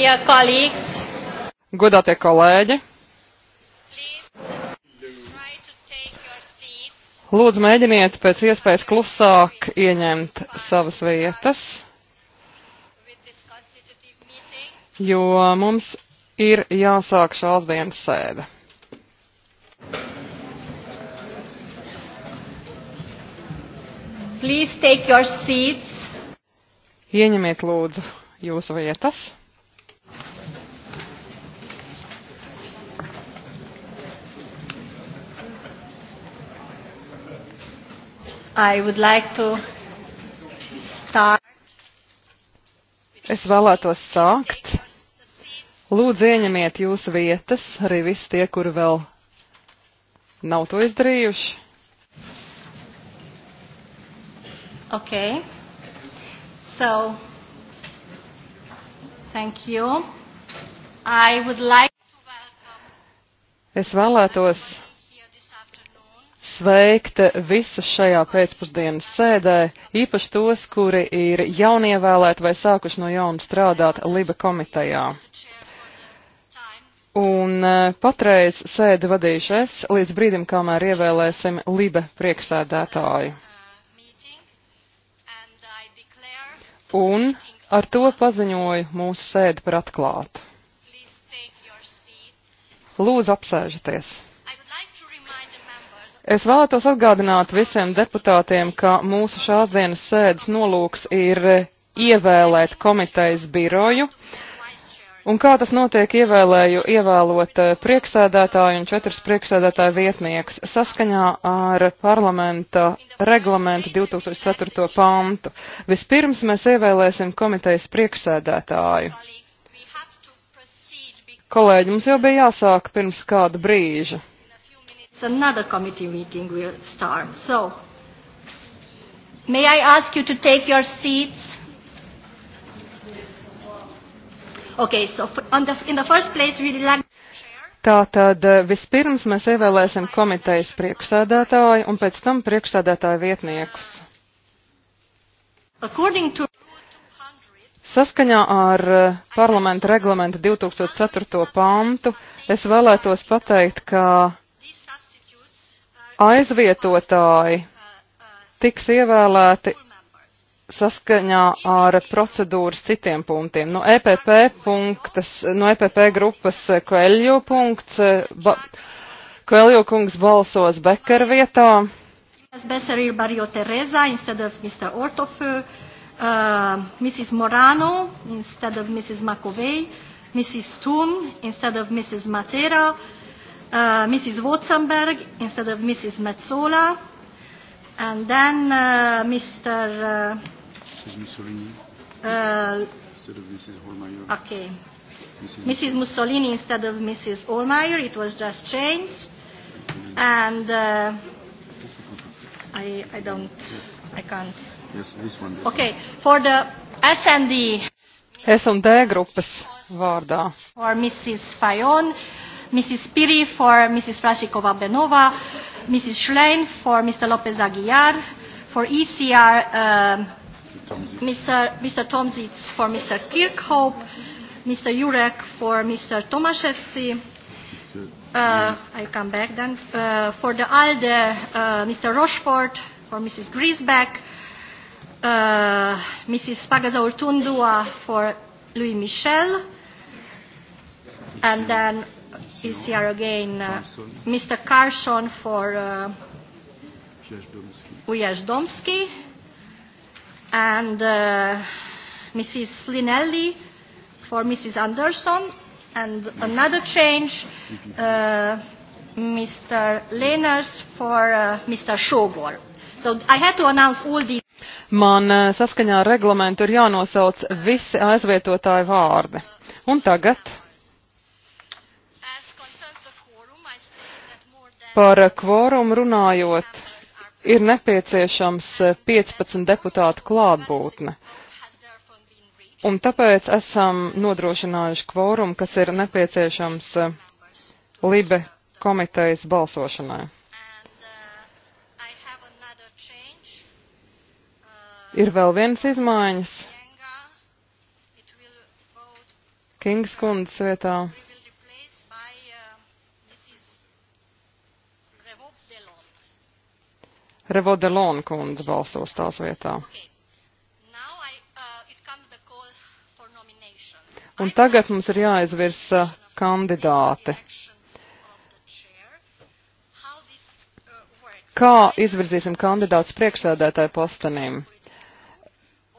Dear colleagues, godātie kolēģi, lūdzu mēģiniet pēc iespējas klusāk ieņemt savas vietas, jo mums ir jāsāk šās dienas sēde. Please take your seats. Ieņemiet lūdzu jūsu vietas. I would like to start. Es vēlētos sākt. Lūdzu, ieņemiet jūsu vietas, arī visi tie, kuri vēl nav to izdarījuši. Ok. So, thank you. I would like to welcome. Es vēlētos sveikt visus šajā pēcpusdienas sēdē, īpaši tos, kuri ir jaunievēlēti vai sākuši no jauna strādāt Liba komitejā. Un e, patreiz sēdi vadīšu es līdz brīdim, kamēr ievēlēsim Liba prieksēdētāju. Un ar to paziņoju mūsu sēdi par atklātu. Lūdzu, apsēžaties! Es vēlētos atgādināt visiem deputātiem, ka mūsu šās dienas sēdes nolūks ir e, ievēlēt komitejas biroju. Un kā tas notiek ievēlēju, ievēlot e, prieksēdētāju un četrus prieksēdētāju vietnieks saskaņā ar parlamenta reglamentu 2004. pantu. Vispirms mēs ievēlēsim komitejas prieksēdētāju. Kolēģi, mums jau bija jāsāk pirms kāda brīža. So another committee meeting will start. So may I ask you to take your seats? Okay, so on the, in the first place, we'd like... Tātad eh, vispirms mēs ievēlēsim komitejas priekšsēdētāju un pēc tam priekšsēdētāju vietniekus. To... Saskaņā ar eh, parlamenta reglamenta 2004. pantu es vēlētos pateikt, ka aizvietotāji tiks ievēlēti saskaņā ar procedūras citiem punktiem. No EPP, punktas, no EPP grupas Kveļo punkts, ba, Kveļo kungs balsos Bekara vietā. Becerril Barrio Teresa instead of Mr. Ortofer, uh, Mrs. Morano instead of Mrs. McAvey, Mrs. Toon instead of Mrs. Matera, uh, uh, Mrs. Wotzenberg instead of Mrs. Metzola, and then uh, Mr. Uh, Mrs. Mussolini uh, instead of Mrs. Holmeyer. Okay. Mrs. Mrs. Mussolini instead of Mrs. Olmeyer. It was just changed, and uh, I, I don't, I can't. Yes, this one. This okay, one. for the S&D. S&D grupas vārdā. Or Mrs. Fajon Mrs. Piri for Mrs. Vlasikova Benova, Mrs. Schlein for Mr. Lopez Aguiar, for ECR, um, Mr. Mr. Tomzitz for Mr. Kirkhope, Mr. Jurek for Mr. Tomaszewski, uh, I come back then, uh, for the ALDE, uh, Mr. Rochford, for Mrs. Griesbeck, uh, Mrs. Pagazaurtundua for Louis Michel, and then ECR again, uh, Mr. Carson for uh, Ujazdomski and uh, Mrs. Linelli for Mrs. Anderson and another change, uh, Mr. Leners for uh, Mr. Shogor. So I had to announce all the Man uh, saskaņā ar reglamentu ir jānosauc visi aizvietotāju vārdi. Un tagad Par kvorumu runājot, ir nepieciešams 15 deputātu klātbūtne. Un tāpēc esam nodrošinājuši kvorumu, kas ir nepieciešams Libe komitejas balsošanai. Ir vēl viens izmaiņas. Kings kundzes vietā. Revodelon kundze balsos tās vietā. Un tagad mums ir jāizvirsa kandidāti. Kā izvirzīsim kandidātus priekšsēdētāju postenim?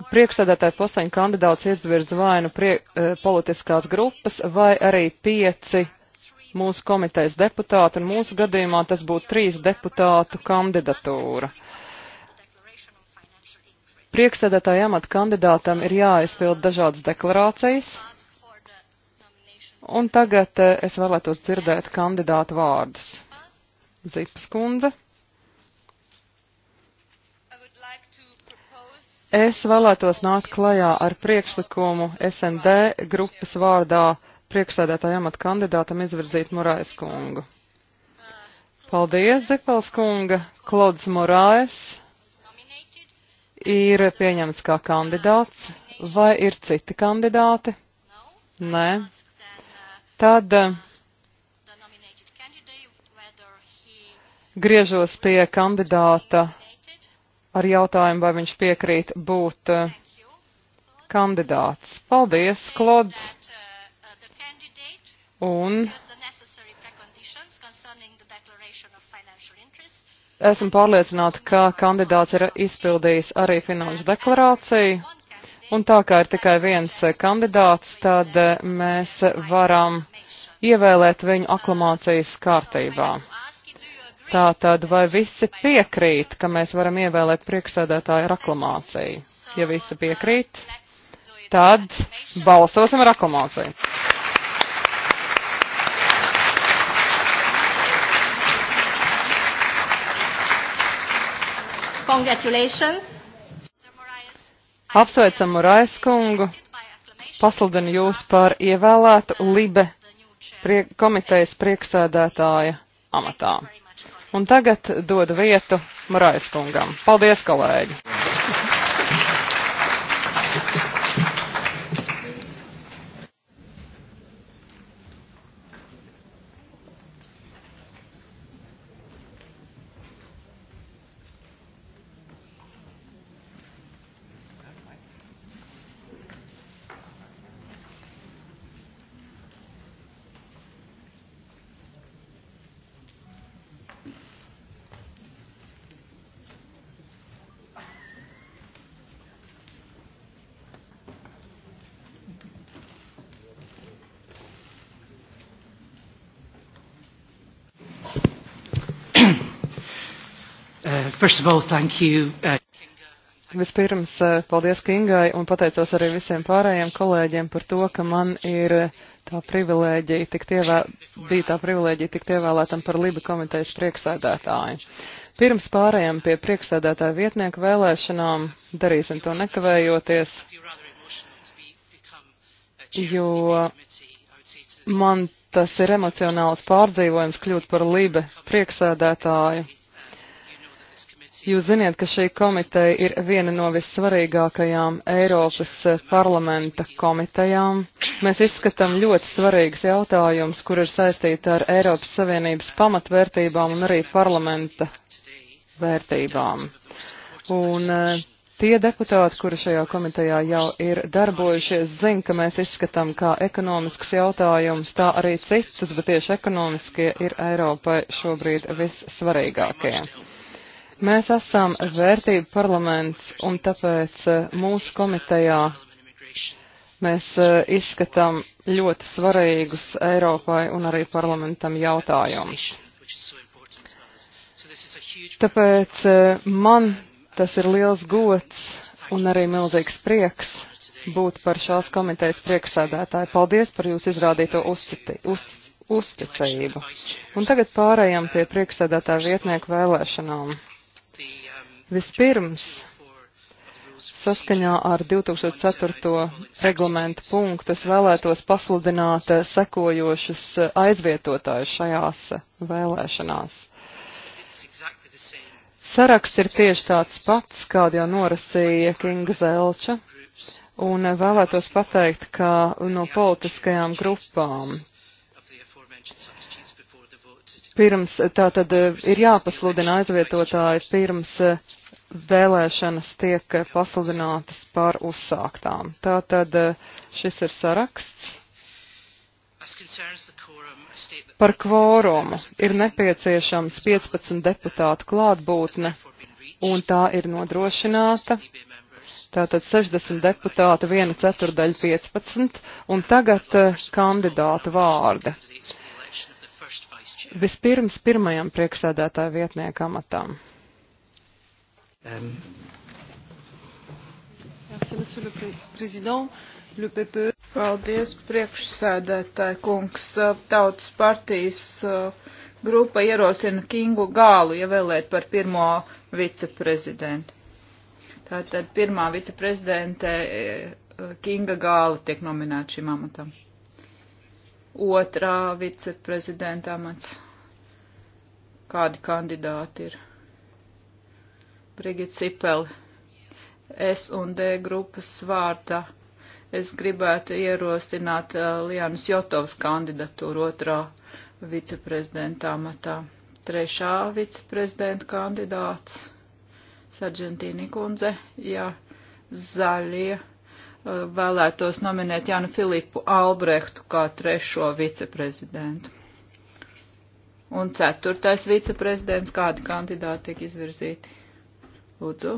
Priekšsēdētāju posteņu kandidāts izvirz vai nu prie, eh, politiskās grupas vai arī pieci mūsu komitejas deputāti, un mūsu gadījumā tas būtu trīs deputātu kandidatūra. Priekšsēdētāja amata kandidātam ir jāizpild dažādas deklarācijas, un tagad eh, es vēlētos dzirdēt kandidātu vārdus. Zipas kundze. Es vēlētos nākt klajā ar priekšlikumu SND grupas vārdā priekšsēdētāja amata kandidātam izvirzīt Morais kungu. Paldies, Zepels kunga. Klods Morais ir pieņemts kā kandidāts. Vai ir citi kandidāti? Nē. Tad eh, griežos pie kandidāta ar jautājumu, vai viņš piekrīt būt eh, kandidāts. Paldies, Klods! Un esmu pārliecināta, ka kandidāts ir izpildījis arī finanšu deklarāciju. Un tā kā ir tikai viens kandidāts, tad eh, mēs varam ievēlēt viņu aklamācijas kārtībā. Tātad, vai visi piekrīt, ka mēs varam ievēlēt priekšsēdētāju ar aklamāciju? Ja visi piekrīt, tad balsosim ar aklamāciju. Congratulations. Apsveicam Morais kungu, pasludinu jūs par ievēlētu Libe prie, komitejas prieksēdētāja amatā. Un tagad dodu vietu Morais kungam. Paldies, kolēģi! First of all, thank you. Uh... Vispirms, uh, paldies Kingai un pateicos arī visiem pārējiem kolēģiem par to, ka man ir uh, tā privilēģija tikt ievē, bija tā privilēģija tikt ievēlētam par Liba komitejas prieksēdētāju. Pirms pārējām pie prieksēdētāja vietnieku vēlēšanām, darīsim to nekavējoties, jo man tas ir emocionāls pārdzīvojums kļūt par Liba prieksēdētāju Jūs ziniet, ka šī komiteja ir viena no vissvarīgākajām Eiropas eh, parlamenta komitejām. Mēs izskatām ļoti svarīgus jautājumus, kur ir saistīti ar Eiropas Savienības pamatvērtībām un arī parlamenta vērtībām. Un eh, tie deputāti, kuri šajā komitejā jau ir darbojušies, zina, ka mēs izskatām kā ekonomiskus jautājumus, tā arī citus, bet tieši ekonomiskie ir Eiropai šobrīd vissvarīgākie. Mēs esam vērtību parlaments, un tāpēc eh, mūsu komitejā mēs eh, izskatām ļoti svarīgus Eiropai un arī parlamentam jautājumus. Tāpēc eh, man tas ir liels gods un arī milzīgs prieks būt par šās komitejas priekšsēdētāju. Paldies par jūsu izrādīto uzciti, uz, uzticību. Un tagad pārējām pie priekšsēdētāju vietnieku vēlēšanām. Vispirms, saskaņā ar 2004. reglamentu punktu, es vēlētos pasludināt sekojošus aizvietotājus šajās vēlēšanās. Saraksts ir tieši tāds pats, kādu jau norasīja Kinga Zelča, un vēlētos pateikt, ka no politiskajām grupām pirms, tātad ir jāpasludina aizvietotāji pirms vēlēšanas tiek pasludinātas par uzsāktām. Tātad eh, šis ir saraksts. Par kvorumu ir nepieciešams 15 deputātu klātbūtne, un tā ir nodrošināta. Tātad 60 deputāti, 1 ceturdaļa 15, un tagad eh, kandidāta vārdi. Vispirms pirmajam priekšsēdētāju vietnieku amatam. Um. Paldies, priekšsēdētāji kungs. Tautas partijas grupa ierosina Kingu Gālu ievēlēt par pirmo viceprezidentu. Tātad pirmā viceprezidente Kinga Gāla tiek nominēta šim amatam. Otrā viceprezidenta amats. Kādi kandidāti ir? Brigita Cipeli, S un D grupas vārdā. Es gribētu ierosināt uh, Lianas Jotovas kandidatūru otrā viceprezidenta amatā. Trešā viceprezidenta kandidāts Sargentīni Kundze, ja zaļie uh, vēlētos nominēt Jānu Filipu Albrehtu kā trešo viceprezidentu. Un ceturtais viceprezidents, kādi kandidāti tiek izvirzīti? Lūdzu.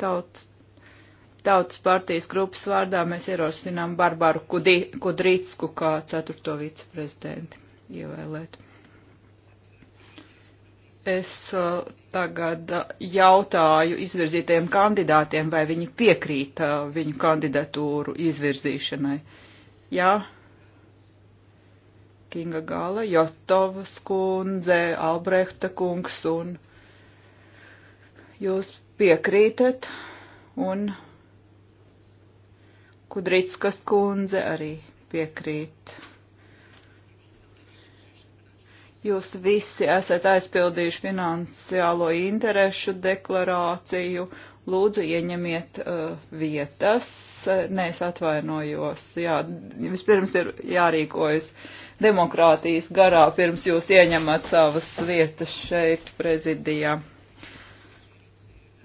Taut, tautas partijas grupas vārdā mēs ierosinām Barbaru Kudi, Kudrītsku kā ceturto viceprezidenti ievēlēt. Es uh, tagad uh, jautāju izvirzītajiem kandidātiem, vai viņi piekrīt uh, viņu kandidatūru izvirzīšanai. Jā, Kinga Gala, Jotovas kundze, Albrehta kungs un. Uh, jūs piekrītat un Kudrītskas kundze arī piekrīt. Jūs visi esat aizpildījuši finansiālo interešu deklarāciju. Lūdzu, ieņemiet uh, vietas. Nē, es atvainojos. Jā, vispirms ir jārīkojas demokrātijas garā, pirms jūs ieņemat savas vietas šeit prezidijā.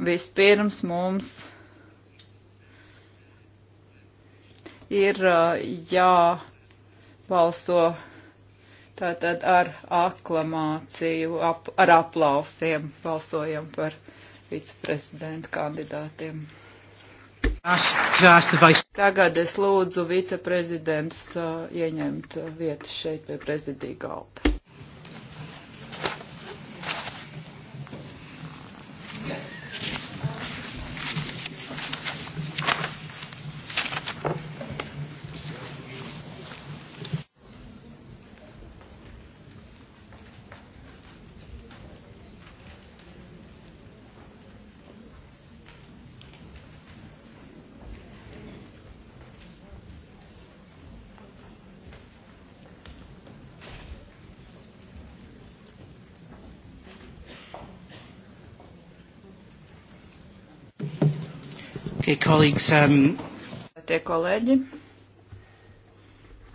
Vispirms mums ir uh, jābalso tātad ar aklamāciju, ap, ar aplausiem balsojam par viceprezidentu kandidātiem. Tagad es lūdzu viceprezidents uh, ieņemt uh, vietu šeit pie prezidija galda. Okay, colleagues, um, Tie kolēģi.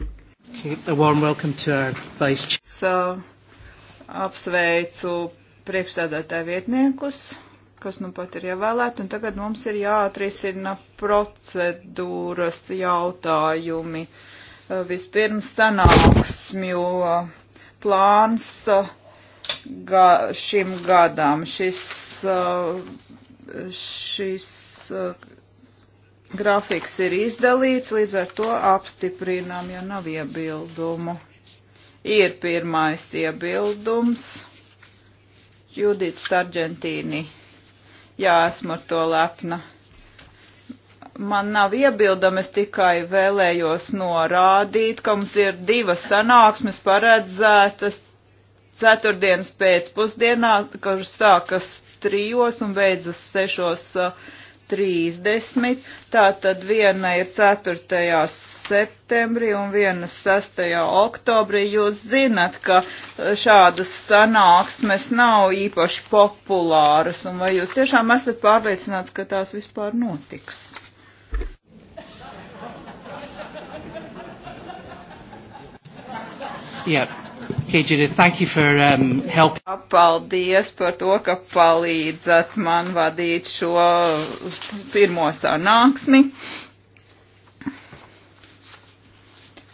Okay, a warm welcome to our vice chair. So, apsveicu priekšstādātāju vietniekus, kas nu pat ir ievēlēti, un tagad mums ir jāatrisina procedūras jautājumi. Uh, vispirms sanāksmju plāns uh, ga, šim gadam. Šis uh, šis uh, grafiks ir izdalīts, līdz ar to apstiprinām, ja nav iebildumu. Ir pirmais iebildums. Judita Sargentīni. Jā, esmu ar to lepna. Man nav iebildama, es tikai vēlējos norādīt, ka mums ir divas sanāksmes paredzētas ceturtdienas pēcpusdienā, kuras sākas trijos un beidzas sešos. Uh, 30, tātad viena ir 4. septembrī un viena 6. oktobrī. Jūs zinat, ka uh, šādas sanāksmes nav īpaši populāras, un vai jūs tiešām esat pārliecināts, ka tās vispār notiks? Yeah. Okay, Judith, thank you for um, help. Paldies par to, ka palīdzat man vadīt šo pirmo sanāksmi.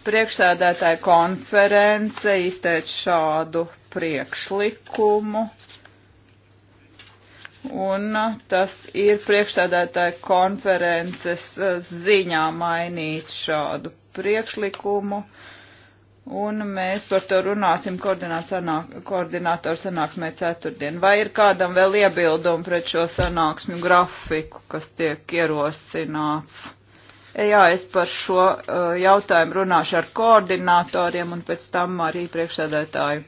Priekšsēdētāja konference izteica šādu priekšlikumu. Un tas ir priekšsēdētāja konferences ziņā mainīt šādu priekšlikumu. Uh, Un mēs par to runāsim sanāk, koordinātoru sanāksmē ceturtdien. Vai ir kādam vēl iebildumi pret šo sanāksmju grafiku, kas tiek ierosināts? E, jā, es par šo uh, jautājumu runāšu ar koordinātoriem un pēc tam arī priekšsēdētāju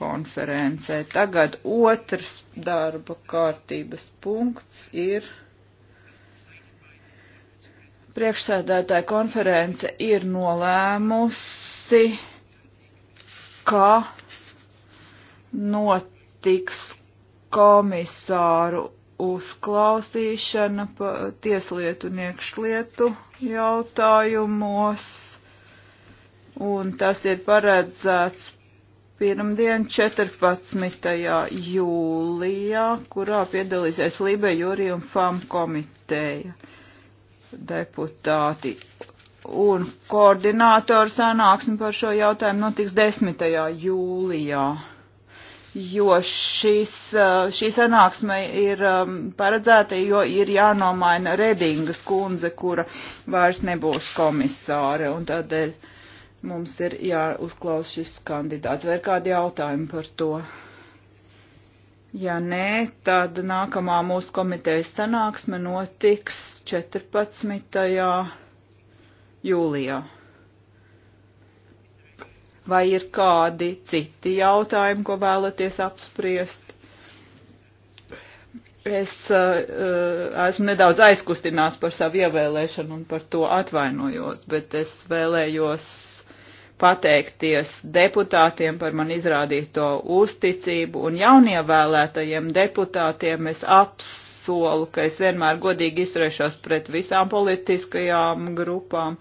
konferencē. Tagad otrs darba kārtības punkts ir. Priekšsēdētāja konference ir nolēmusi visi, ka notiks komisāru uzklausīšana tieslietu un iekšlietu jautājumos, un tas ir paredzēts pirmdien 14. jūlijā, kurā piedalīsies Lībe Jūrija un FAM komiteja deputāti. Un koordinātoru sanāksme par šo jautājumu notiks 10. jūlijā, jo šis, uh, šī sanāksme ir um, paredzēta, jo ir jānomaina Redingas kundze, kura vairs nebūs komisāre. Un tādēļ mums ir jāuzklaus šis kandidāts. Vai ir kādi jautājumi par to? Ja nē, tad nākamā mūsu komitejas sanāksme notiks 14 jūlijā. Vai ir kādi citi jautājumi, ko vēlaties apspriest? Es uh, uh, esmu nedaudz aizkustināts par savu ievēlēšanu un par to atvainojos, bet es vēlējos pateikties deputātiem par man izrādīto uzticību un jaunievēlētajiem deputātiem es apsolu, ka es vienmēr godīgi izturēšos pret visām politiskajām grupām.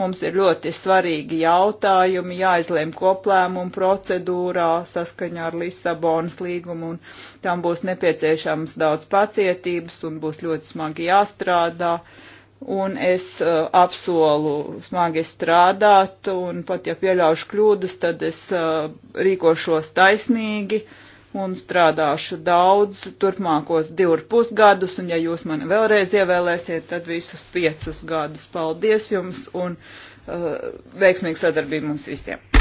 Mums ir ļoti svarīgi jautājumi, jāizlēm koplēmumu procedūrā saskaņā ar Lisabonas līgumu, un tam būs nepieciešams daudz pacietības un būs ļoti smagi jāstrādā. Uh, un es uh, apsolu smagi strādāt, un pat ja pieļaušu kļūdas, tad es uh, rīkošos taisnīgi un strādāšu daudz turpmākos divu ar pus gadus, un ja jūs mani vēlreiz ievēlēsiet, tad visus piecus gadus. Paldies jums un uh, veiksmīgu sadarbību mums visiem!